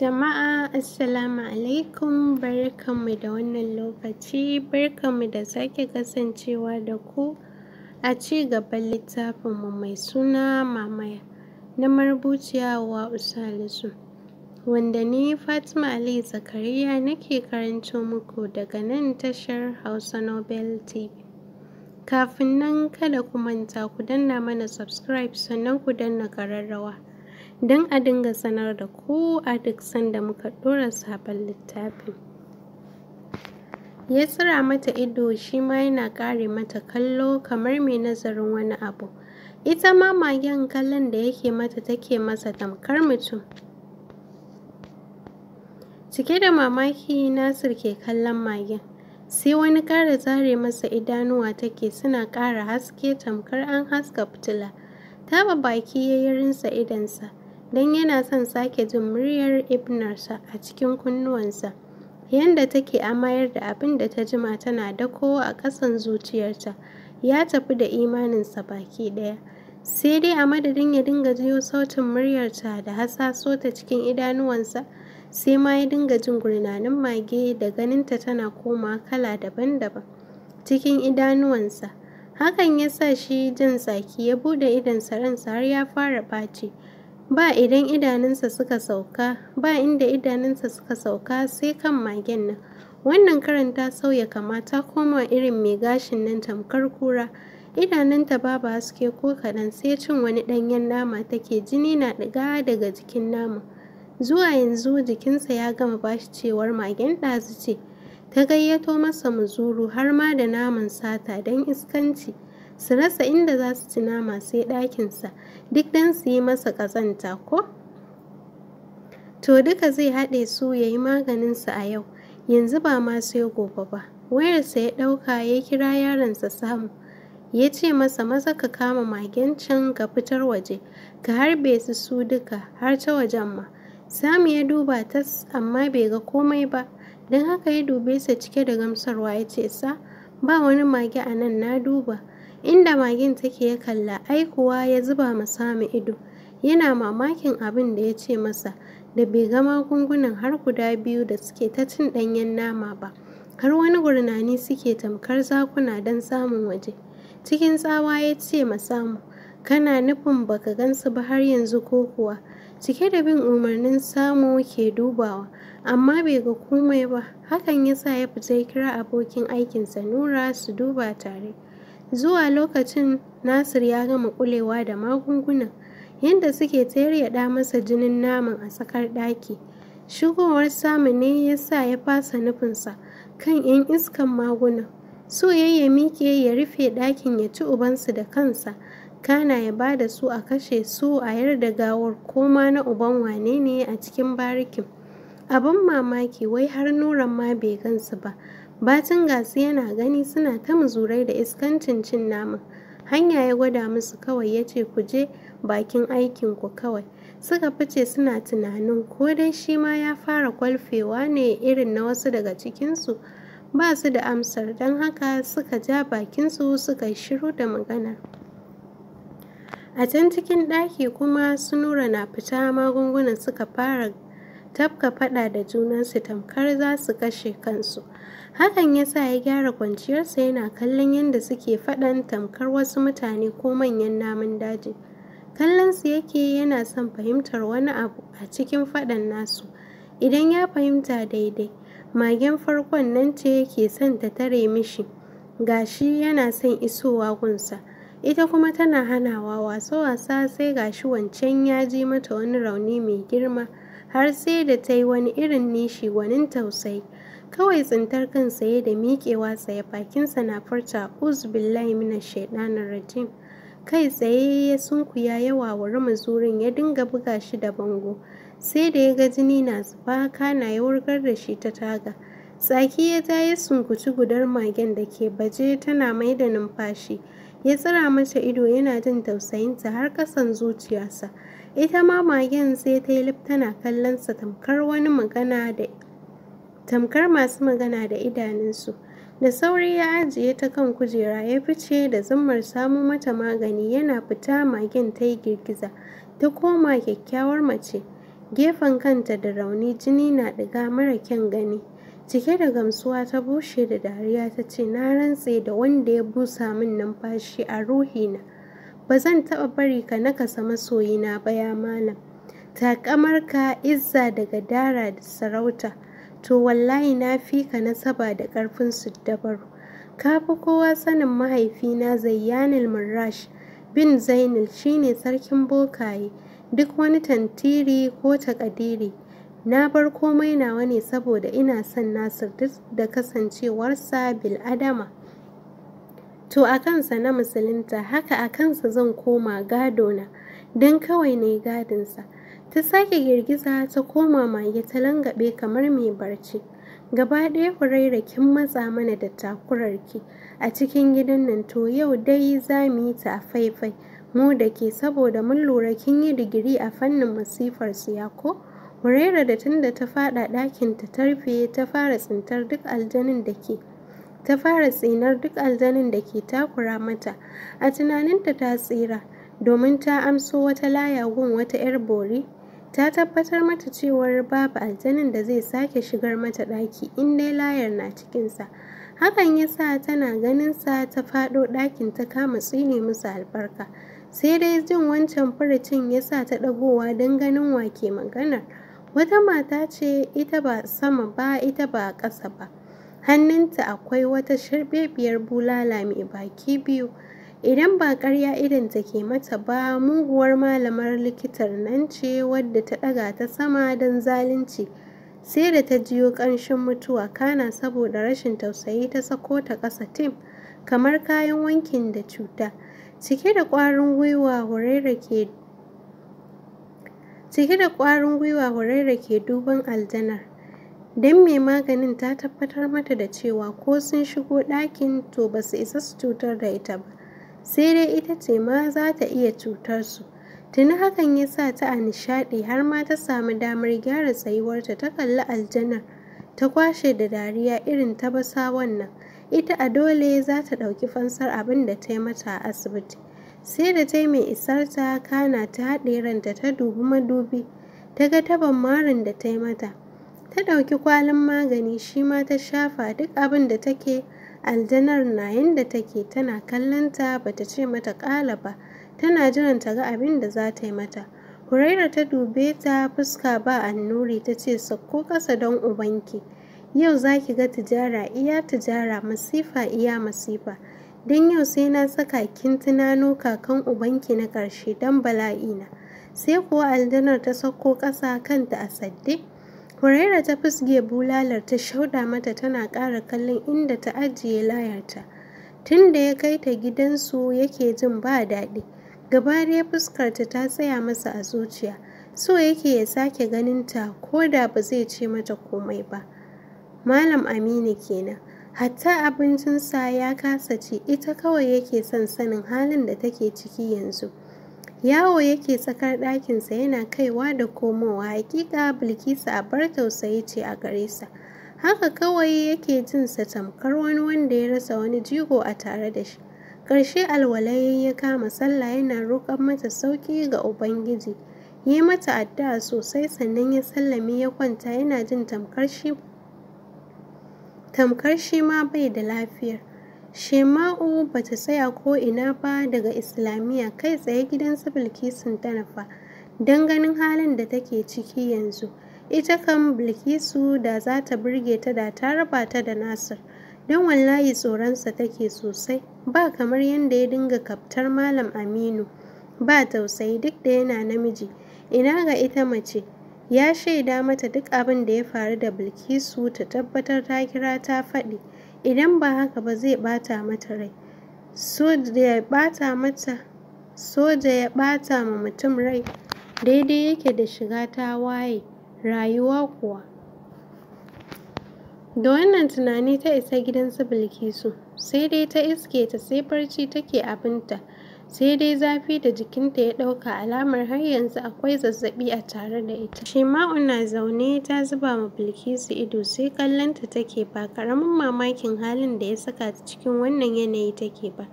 Jama'a Assalamu alaikum barkanmu da wannan lokaci barkanmu da sake kasancewa da ku a ci gaban littafinmu mai suna mamaya na marubuciya wa Usalisu wanda ni Fatima Ali Zakariya nake karanto muku daga nan tashar Hausa Nobel TV. Kafin nan kada ku manta ku danna mana subscribe sannan ku danna kararrawa. don a dinga sanar da ku a duk sanda muka ɗora sabon littafin ya tsira mata ido shi ma yana ƙare mata kallo kamar mai nazarin wani abu ita ma magen kallon da yake mata take masa tamkar mutum cike da mamaki nasir ke kallon magen sai wani ƙara zare masa idanuwa take suna ƙara haske tamkar an haska fitila taba baki ya yi rinsa idansa don yana son sake jin muryar Ibnarsa a cikin kunnuwansa, yadda take amayar da abin da ta jima tana dakowa a ƙasan zuciyarta, ya tafi da imaninsa baki ɗaya. Sai dai a madadin ya dinga jiyo sautin muryarta da hasaso ta cikin idanuwansa, sai ma ya dinga jin gurnanin mage da ganinta tana koma kala daban-daban cikin idanuwansa. Hakan ya sa shi jin zaki ya buɗe idonsa ransa har ya fara ɓaci. ba idan idanunsa suka sauka ba inda idanunsa suka sauka sai kan magen nan wannan karanta sauya kama ta koma irin mai gashin nan tamkar kura idanunta babu haske ko kaɗan sai cin wani ɗanyen nama take jini na ɗiga daga jikin nama zuwa yanzu jikinsa ya gama bashi cewar magen ɗazu ce ta gayyato masa muzuru har ma da naman sata don iskanci su rasa inda za su ci nama sai ɗakinsa duk dan su yi masa ƙazanta ko to duka zai haɗe su ya yi maganinsa a yau yanzu ba ma sai gobe ba wayarsa ya ɗauka ya kira yaransa samu ya ce masa maza ka kama magen can ka fitar waje ka harbe su su duka har ta wajen ma samu ya duba tas amma bai ga komai ba don haka ya dube sa cike da gamsarwa ya ce sa ba wani mage a nan na duba inda magin take ya kalla ai kuwa ya zuba ma ido yana mamakin abin da ya ce masa da bai ga magungunan har guda biyu da suke ta cin ɗanyen nama ba har wani gurnani suke tamkar zakuna don samun waje cikin tsawa ya ce ma samu kana nufin baka gansu ba har yanzu ko kuwa cike da bin umarnin samu ke dubawa amma bai ga komai ba hakan ya sa ya fita ya kira abokin aikinsa nura su duba tare zuwa lokacin nasir ya gama kulewa da magungunan yadda suke ya da masa jinin naman a tsakar ɗaki shigowar samu ne ya sa ya fasa nufinsa kan 'yan iskan maguna. so ya miƙe ya rufe ɗakin ya ci ubansu da kansa kana ya ba da su a kashe su a yarda gawar koma na uban wane ne a cikin barikin abin mamaki wai har nuran ma bai gansu ba Batun gasu yana gani suna ta muzurai da iskancin cin naman. Hanya ya gwada musu kawai ya ce ku je bakin aikin ku kawai. Suka fice suna tunanin ko dai shi ma ya fara kwalfewa ne irin na wasu daga cikinsu. Ba su da amsar don haka suka ja bakinsu suka shiru da maganar. A can cikin ɗaki kuma Sunura na fita magungunan suka fara tafka faɗa da junansu tamkar za su kashe kansu hakan ya sa ya gyara kwanciyarsa yana kallon yadda suke faɗan tamkar wasu mutane ko manyan namun daji Kallon kallonsu yake yana son fahimtar wani abu a cikin faɗan nasu idan ya fahimta daidai magen farkon nan ce yake son ta tare mishi gashi yana son isowa gunsa ita kuma tana hanawa wasa-wasa sai gashi wancan ya ji mata wani rauni mai girma har sai da ta yi wani irin nishi gwanin tausayi kawai tsintar kan saye da miƙewa tsaye bakinsa na furta uzbillahi mina shaidanar rajim kai tsaye ya sunkuya ya wawari mazurin ya dinga buga shi da bango sai da ya ga jini na zuba kana ya wurgar da shi ta taga tsaki ya ta ya sunkuci gudar magen da ke baje tana mai da numfashi ya tsira mata ido yana jin tausayinta har kasan zuciyarsa ita ma magen sai ta yi tana kallonsa tamkar wani magana da tamkar masu magana da idanunsu da sauri ya ajiye ta kan kujera ya fice da zammar samu mata magani yana fita magen ta yi girgiza ta koma kyakkyawar mace gefen kanta da rauni jini na ɗiga mara kyan gani cike da gamsuwa ta bushe da dariya ta ce na rantse da wanda ya busa min numfashi a ruhina ba zan taɓa bari ka nakasa masoyina ba ya malam takamar ka izza da dara da sarauta to wallahi na fi ka nasaba da ƙarfin su dabaru ka fi kowa sanin mahaifina zayyanil murrash bin zainul shine sarkin bokaye duk wani tantiri ko takadiri na bar komai nawa ne saboda ina son nasir da kasancewarsa Adama. to a kansa na musulunta haka a kansa zan koma gadona don kawai na gadinsa ta sake girgiza ta koma mage ta langabe kamar mai barci gaba ɗaya huraira kin matsa mana da takurarki a cikin gidan nan to yau dai za mu yi ta a faifai mu da ke saboda mun lura kin yi digiri a fannin masifar siya ko huraira da tunda ta faɗa ɗakinta ta tarfe ta fara tsintar duk aljanin da ke ta fara tsinar duk aljanin da ke takura mata a tunaninta ta tsira domin ta amso wata laya wata 'yar bori ta tabbatar mata cewar babu aljanin da zai sake shigar mata ɗaki in dai layar na cikinsa hakan ya sa tana ganin sa ta faɗo ɗakin ta kama tsini musu albarka sai dai jin wancan furucin ya sa ta ɗagowa don ganin wake maganar wata mata ce ita ba sama ba ita ba ƙasa ba hannunta akwai wata sharbebiyar bulala mai baki biyu idan ba ƙarya ta ke mata ba muguwar malamar likitar nan ce wadda ta ɗaga ta sama don zalunci sai da ta jiyo kanshin mutuwa kana saboda rashin tausayi ta sako ta ƙasa tim kamar kayan wankin da cuta cike da ƙwarin gwiwa huraira ke cike da ƙwarin gwiwa huraira ke duban aljanar don mai maganin ta tabbatar mata da cewa ko sun shigo ɗakin to ba su isa su cutar da ita ba sai dai ita ce ma za ta iya cutar su tuni hakan ya sa ta a nishaɗi har ma ta samu damar gyara tsayuwarta ta kalli aljanar ta kwashe da dariya irin ta basa wannan ita a dole za ta ɗauki fansar abin da ta yi mata a asibiti sai da ta yi mai isarta kana ta haɗe ranta ta dubi madubi ta ga taban marin da ta yi mata ta ɗauki kwalin magani shi ma ta shafa duk abin da take aljanar na yadda take tana kallonta bata ce mata ƙala ba tana jiran ta ga abin da za ta yi mata huraira ta dube ta fuska ba annuri ta ce sakko ƙasa don ubanki yau za ki ga tijara iya tijara masifa iya masifa don yau sai na saka kin tunano kakan ubanki na ƙarshe don bala'ina sai kuwa aljanar ta sakko ƙasa kanta a sadde Huraira ta fusge bulalar ta shauɗa mata tana ƙara kallon inda ta ajiye layarta. Tun da ya kai ta gidansu yake jin ba daɗi. Gaba ɗaya fuskarta ta tsaya masa a zuciya. So yake ya sake ganinta ko da ba zai ce mata komai ba. Malam Aminu kenan. Hatta abincinsa ya kasa ci ita kawai yake son sanin halin da take ciki yanzu. yawo yake tsakar ɗakinsa yana kaiwa da komowa hakika bilkisu a bar tausayi ce a gare sa haka kawai yake jinsa tamkar wani wanda ya rasa wani jigo a tare da shi ƙarshe alwalai ya kama sallah yana roƙon mata sauƙi ga ubangiji yi mata addu'a sosai sannan ya sallame ya kwanta yana jin tamkar shi tamkar shi ma bai da lafiyar Shema'u ba ta tsaya ina ba daga Islamiyya kai tsaye gidansu Bilkisun ta fa don ganin halin da take ciki yanzu. Ita kan Bilkisu da za ta burge ta da ta raba ta da Nasir, don wallahi tsoronsa take sosai, ba kamar yadda ya dinga kaftar Malam Aminu, ba tausayi duk da yana namiji, ina ga ita mace. Ya shaida mata duk abin da ya faru da Bilkisu ta tabbatar ta kira ta faɗi. idan ba haka ba zai bata mata rai so da ya ɓata ma mutum rai daidai yake da shiga tawaye rayuwa kuwa da wannan tunani ta isa gidan su bilkisu sai dai ta iske ta sai barci take abinta sai dai zafi da jikinta ya ɗauka alamar har yanzu akwai zazzabi a tare da ita. Shima'u na zaune ta zuba ma Bilkisu ido sai kallonta take ba karamin mamakin halin da ya saka ta cikin wannan yanayi take ba.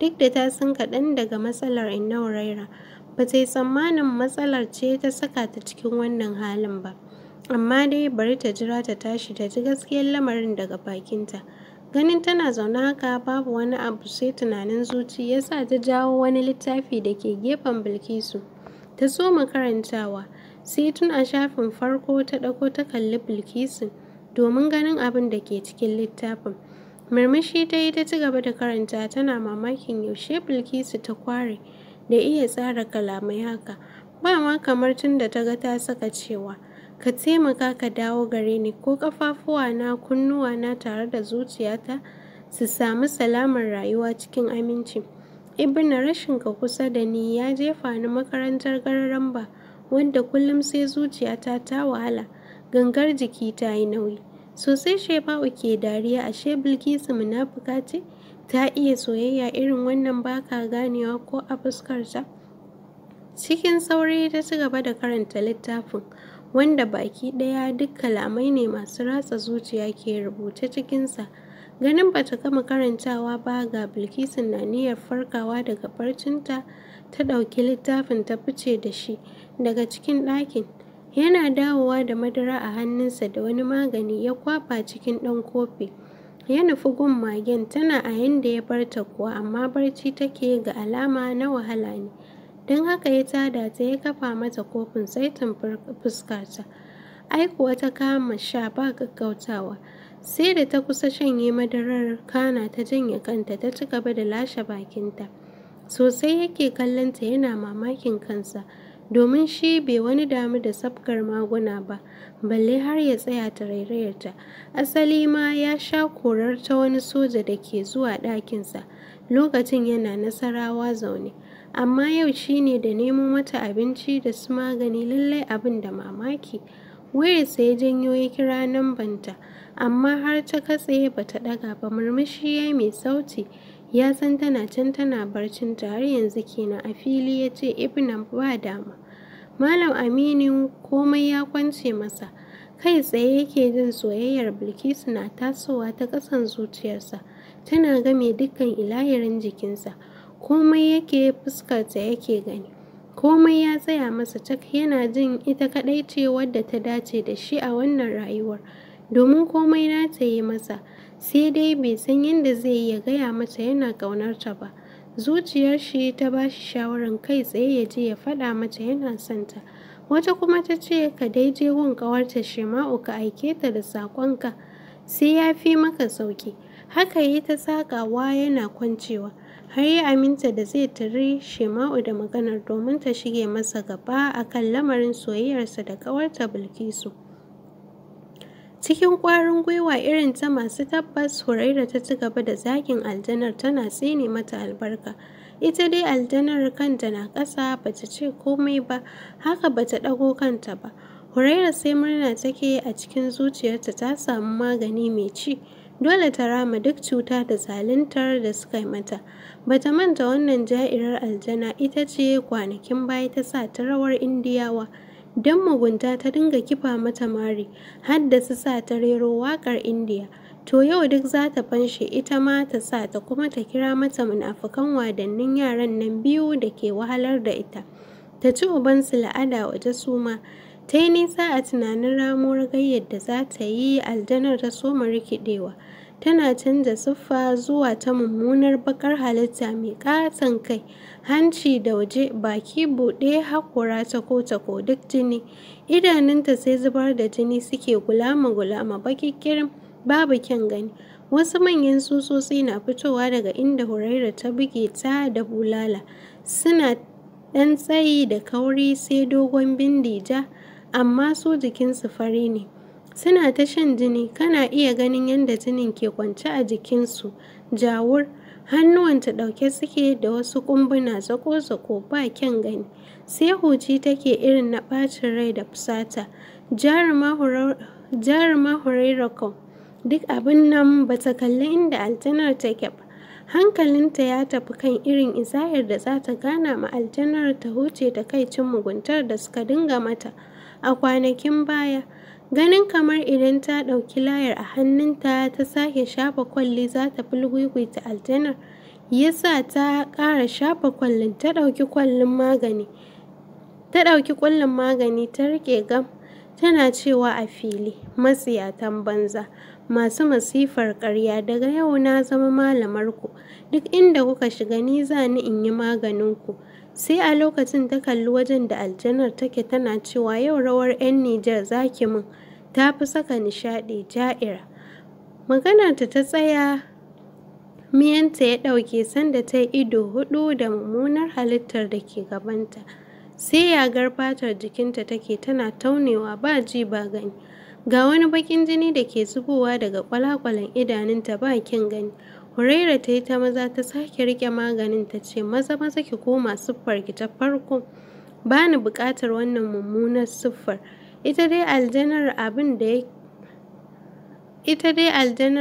Duk da ta san kaɗan daga matsalar inauraira Raira, ba ta yi tsammanin matsalar ce ta saka ta cikin wannan halin ba. Amma dai bari ta jira ta tashi ta ji gaskiyar lamarin daga bakinta. Ganin tana zaune haka babu wani abu sai tunanin zuci ya sa ta jawo wani littafi da ke gefen Bilkisu. Ta so soma karantawa, sai tun a shafin farko ta ɗauko ta kalli Bilkisu domin ganin abin da ke cikin littafin. Murmushi ta yi ta ci gaba da karanta tana mamakin yaushe Bilkisu ta kware da iya tsara kalamai haka, ba ma kamar tun da ta ga ta saka cewa. Ka taimaka ka dawo gare ni ko kunnuwa na tare da zuciyata su samu salamar rayuwa cikin aminci. Ibina, rashin ka kusa da ni ya jefa ni makarantar gararan ba wanda kullum sai zuciyata ta wahala, gangar jiki ta yi nauyi. Sosai Shefa'u ke dariya ashe Bilkisu munafuka ce? Ta iya soyayya irin wannan baka ganewa ko a fuskarta? Cikin saurayi ta ci gaba da karanta littafin. wanda baki ɗaya duk kalamai ne masu ratsa zuciya ke rubuta cikinsa. Ganin bata gama karantawa ba ga Bilkisu na niyyar farkawa daga barcinta ta ɗauki littafin ta fice da shi daga cikin ɗakin. Yana dawowa da madara a hannunsa da wani magani ya kwafa cikin ɗan kofi. Ya nufi gun magen tana a yanda ya barta kuwa amma barci take ga alama na wahala ne. don haka ya tada ta ya kafa mata kofin saitin fuskata ai kuwa ta kama sha ba gaggautawa sai da ta kusa shanye madarar kana ta janye kanta ta ci gaba da lashe bakinta sosai yake kallonta yana mamakin kansa domin shi bai wani damu da safkar maguna ba balle har ya tsaya ta rairayarta asali ma ya sha korar ta wani soja da ke zuwa ɗakinsa lokacin yana nasarawa zaune amma yau shi ne da nemo mata abinci da su magani lallai abin da mamaki wayarsa ya janyo ya kira banta. amma har ta katse ba ta ɗaga ba murmushi ya mai sauti ya san tana can tana barcin tare yanzu kenan a fili ya ce ibnan ba dama malam aminu komai ya kwance masa kai tsaye yake jin soyayyar bilkisu na tasowa ta ƙasan zuciyarsa tana game dukkan ilayarin jikinsa komai yake fuskarta yake gani komai ya tsaya masa cak yana jin ita kaɗai ce wadda ta dace da shi a wannan rayuwar domin komai na ta yi masa sai dai bai san yadda zai iya gaya mata yana ƙaunarta ba zuciyar shi ta ba shi shawarar kai tsaye ya je ya faɗa mata yana santa wata kuma ta ce ka dai je gun ƙawarta shema'u ka aike ta da saƙonka sai ya fi maka sauki haka yi ta sakawa yana kwancewa har ya aminta da zai tari Shema'u da maganar domin ta shige masa gaba a kan lamarin soyayyarsa da ƙawarta Bilkisu. Cikin ƙwarin gwiwa irin ta masu tabbas, Huraira ta ci gaba da zagin aljanar tana tsine mata albarka. Ita dai aljanar kanta na ƙasa bata ce komai ba, haka ba ta ɗago kanta ba. Huraira sai murna take a cikin zuciyarta ta samu magani mai ci. Dole ta rama duk cuta da zaluntar da suka yi mata. Bata manta wannan ja'irar aljana ita ce kwanakin baya ta sa ta rawar Indiyawa. Don mugunta ta dinga kifa mata mari, haddasa sa ta rero waƙar Indiya. To yau duk za ta fanshe ita ma ta sa ta kuma ta kira mata munafukan wadannin yaran nan biyu da ke wahalar da ita. Ta ci su la'ada waje suma. Ta yi nisa a tunanin ramuwar gayyar da za ta yi aljanar ta soma rikidewa. tana canza siffa zuwa ta mummunar bakar halitta mai katon kai hanci da waje baki buɗe hakora tako-tako duk jini idanunta sai zubar da jini suke gulama-gulama bakikkirin babu kyan gani wasu manyan tsutsotsi na fitowa daga inda huraira ta buge ta da bulala suna ɗan tsayi da kauri sai dogon bindija amma su jikinsu fari ne suna ta shan jini kana iya ganin yadda jinin ke kwance a jikinsu jawur Hannuwan ta ɗauke suke da wasu kumbuna zako-zako ba kyan gani sai huci take irin na ɓacin rai da fusata jaruma kan duk abin nan ba ta kalli inda aljanar take ba hankalinta ya tafi kan irin isayar da za ta gana ma aljanar ta huce ta kai cin muguntar da suka dinga mata a kwanakin baya Ganin kamar idan ta ɗauki layar a hannunta ta sake shafa kwalli za ta ta aljanar, ya sa ta ƙara shafa kwallin ta ɗauki kwallin magani. Ta ɗauki ƙullin magani ta riƙe gam, tana cewa a fili, matsiyatan banza, masu masifar ƙarya daga yau na zama malamarku, duk inda kuka shiga ni za ni in yi maganinku. Sai a lokacin ta kalli wajen da aljanar take tana cewa yau rawar 'yan Nijar za ki min. ta fi saka nishaɗi ja'ira maganarta ta tsaya miyanta ya ɗauke sanda ta yi ido hudu da mummunar halittar da ke gabanta sai yagar fatar jikinta take tana taunewa ba ji ba gani ga wani bakin jini da ke zubowa daga kwalakwalan idanunta ba kin gani huraira ta yi ta maza ta sake rike maganin ta ce maza maza ki koma siffar ki ta farko ba ni buƙatar wannan mummunar siffar ita dai aljanar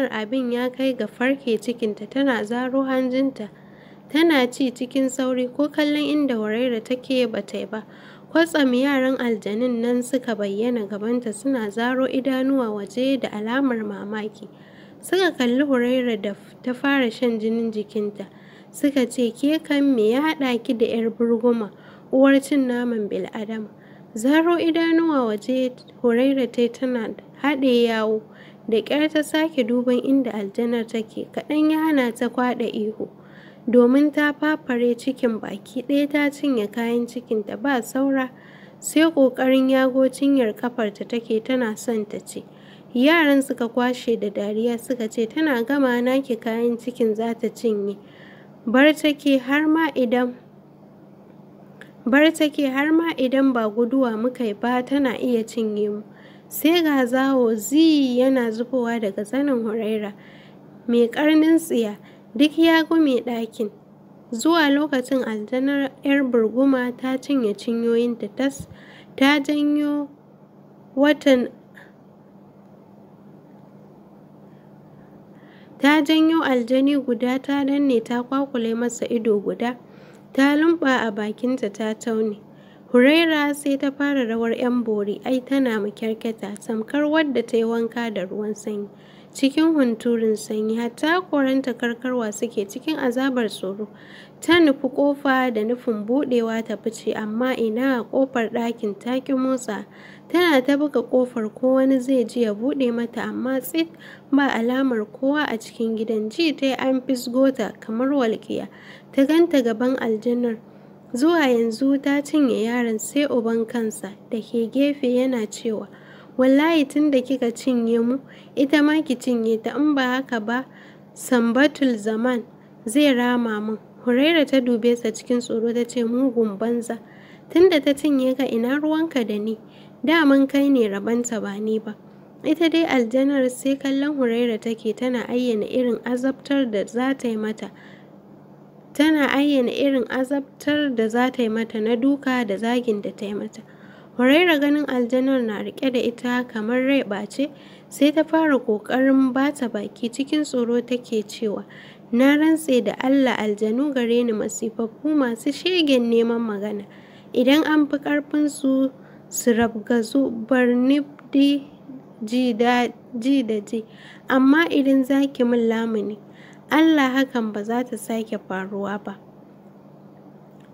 abin ya kai ga farke cikinta tana zaro hanjinta tana ci cikin sauri ko kallon inda waraira take ba ta ba kwatsam yaran aljanin nan suka bayyana gabanta suna zaro idanuwa waje da alamar mamaki suka kalli huraira da ta fara shan jinin jikinta suka ce ke kan me ya haɗa ki da 'yar burguma uwar cin naman bil'adama zaro idanuwa waje huraira ta tana haɗe yawo da ƙyar ta sake duban inda aljanar take kaɗan ya hana ta kwaɗa ihu domin ta fafare cikin baki ɗaya ta cinye kayan cikin cikinta ba saura sai ƙoƙarin yago cinyar kafarta take tana son ta ce yaran suka kwashe da dariya suka ce tana gama naki kayan cikin za ta cinye bar take har ma idan bar take har ma idan ba guduwa muka yi ba tana iya cinye mu sai ga zawo zi yana zubowa daga zanin huraira mai karnin tsiya duk ya gume ɗakin zuwa lokacin aljanar 'yar burguma ta cinye ta tas ta janyo watan ta janyo aljani guda ta danne ta kwakule masa ido guda ta lumba a bakinta ta taune. Huraira sai ta fara rawar 'yan bori ai tana makyarketa tamkar wadda ta yi wanka da ruwan sanyi. Cikin hunturin sanyi hatta koranta karkarwa suke cikin azabar tsoro. Ta nufi ƙofa da nufin buɗewa ta fice amma ina ƙofar ɗakin ta ki motsa tana ta buga kofar ko wani zai ji ya bude mata amma tsit ba alamar kowa a cikin gidan ji ta an fisgo ta kamar walƙiya ta ganta gaban aljanar. zuwa yanzu ta cinye yaron sai uban kansa da ke gefe yana cewa wallahi tun da kika cinye mu ita ma ki cinye ta in ba haka ba sambatul zaman zai rama min huraira ta dube sa cikin tsoro ta ce mugun banza tun da ta cinye ka ina ruwanka da ni Da mun kai ne rabanta ba ni ba ita dai aljanar sai kallon huraira take tana ayyana irin azabtar da za ta yi mata tana ayyana irin azabtar da za ta yi mata na duka da zagin da ta yi mata huraira ganin aljanar na rike da ita kamar rai ɓace sai ta fara ƙoƙarin ta baki cikin tsoro take cewa na rantse da allah aljanu gare ni masifaffu masu shegen neman magana idan an fi ƙarfinsu su rabgazu barnibdi ji da ji amma idan zaki min lamuni Allah hakan ba za ta sake faruwa ba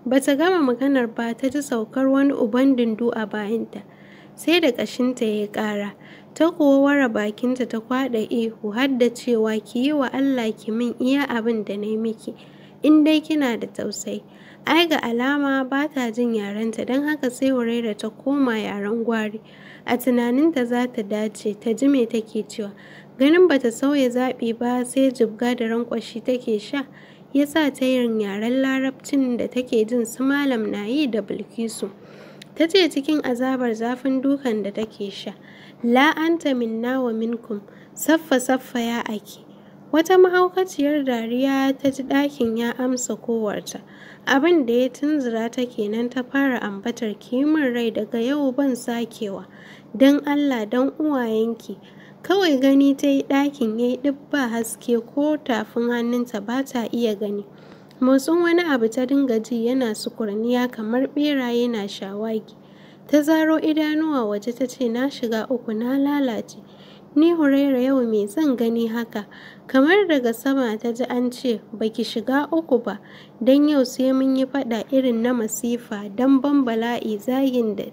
bata gama maganar ba ta ji saukar wani uban dindu a bayanta sai da ƙashinta ya ƙara ta kuwa wara bakinta ta kwaɗa ihu har da cewa ki yi wa Allah ki min iya abin da na miki in dai kina da tausayi ai ga alama ba ta jin yarenta don haka sai wuraira ta koma yaren gwari a tunaninta za ta dace ta ji me take cewa ganin ba ta sauya zaɓi ba sai jibga da rankwashi take sha ya sa ta yin yaren larabcin da take jin su malam na yi da bilkisu ta ce cikin azabar zafin dukan da take sha la'anta minna wa minkum saffa saffa ya ake Wata mahaukaciyar dariya ta ji ɗakin ya amsa kowarta. Abin da ya tunzura ta kenan ta fara ambatar kimin rai daga yau ban sakewa. Don Allah don uwayenki. Kawai gani ta yi ɗakin ya yi ɗibba haske ko tafin hannunta ba ta iya gani. Motsin wani abu ta dinga ji yana sukurniya kamar ɓeraye na shawagi. Ta zaro idanuwa waje ta ce na shiga uku na lalace. ni Huraira yau me zan gani haka, kamar daga sama ta ji an ce, baki shiga uku ba, don yau sai mun yi faɗa irin na masifa, don ban bala'i zagin da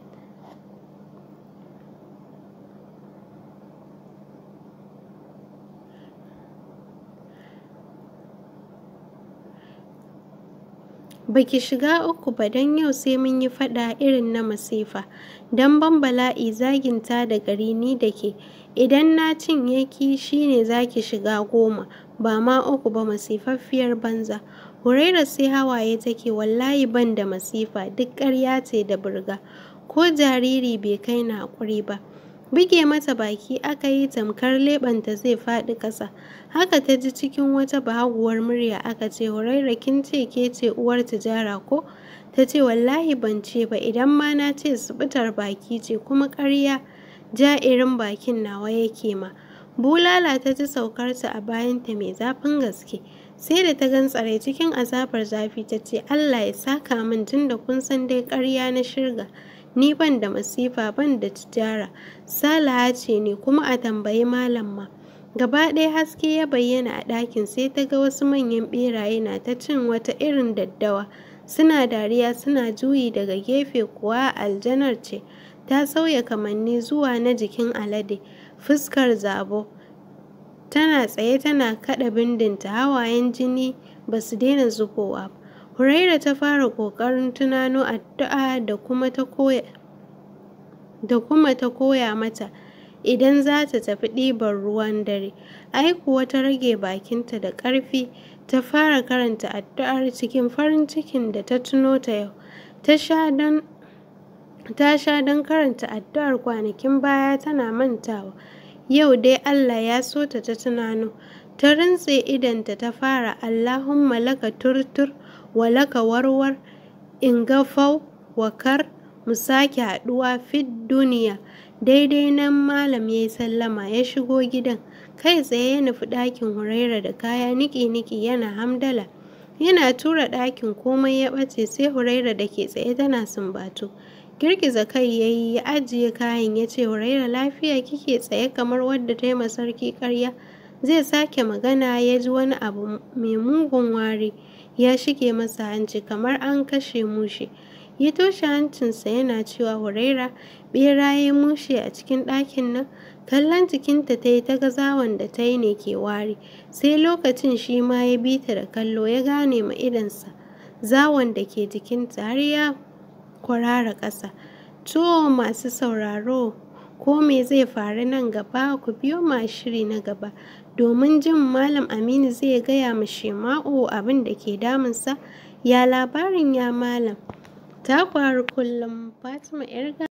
Baki shiga uku ba don yau sai mun yi faɗa irin na masifa, don ban bala'i zaginta da gari ni da ke, idan na cinye ki shi ne shiga goma, ba ma uku ba masifaffiyar banza. Huraira sai hawaye take wallahi ban da masifa duk ƙarya ce da burga, ko jariri bai kai na haƙuri ba. Buge mata baki aka yi tamkar lebanta zai faɗi ƙasa. Haka ta ji cikin wata bahaguwar murya aka ce, Huraira kin ce ke ce uwar tijara ko? Ta ce, Wallahi ban ce ba idan ma na ce su subutar baki ce kuma ƙarya ja'irin bakin nawa yake ma. Bulala ta ji saukarta a bayanta mai zafin gaske. Sai da ta gan tsare, cikin azabar zafi ta ce, Allah ya saka min tunda da kun san dai karya na shirga. ni ban da masifa ban da tijara salaha ce ne kuma a tambayi malam ma gaba ɗaya haske ya bayyana a ɗakin sai ta ga wasu manyan ɓeraye na ta cin wata irin daddawa suna dariya suna juyi daga gefe kuwa aljanar ce ta sauya kamanni zuwa na jikin alade fuskar zabo tana tsaye tana kaɗa bindinta hawayen jini ba su daina zubowa ba Huraira ta fara ƙoƙarin tunano addu'a da kuma ta koya mata idan za ta tafi ɗiban ruwan dare. Ai kuwa ta rage bakinta da ƙarfi ta fara karanta addu'ar cikin farin cikin da ta tuno ta yau. Ta sha don karanta addu'ar kwanakin baya tana mantawa. Yau dai Allah ya so ta ta tunano. Ta rintse idanta ta fara Allahumma laka turtur. walaka warwar in gafau wakar mu sake haɗuwa fit duniya daidai nan malam ya yi sallama ya shigo gidan kai tsaye ya nufi ɗakin huraira da kaya niki-niki yana hamdala yana tura ɗakin komai ya ɓace sai huraira da ke tsaye tana sumbato girgiza kai ya yi ya ajiye kayan ya ce huraira lafiya kike tsaye kamar wadda ta yi Sarki karya zai sake magana ya ji wani abu mai mugun wari ya shige masa hanci kamar an kashe mushi ya toshe hancinsa yana cewa huraira bera ya mushe a cikin ɗakin nan kallon jikinta ta yi ta gazawan da ta yi ne ke wari sai lokacin shi ma ya bi ta da kallo ya gane ma idansa zawon da ke jikinta har ya kwarara ƙasa to masu sauraro ko me zai faru nan gaba ku biyo ma shiri na gaba domin jin Malam Aminu zai gaya ma Shema'u abin da ke damunsa. Ya labarin ya Malam? Ta kwaru kullum Fatima 'yar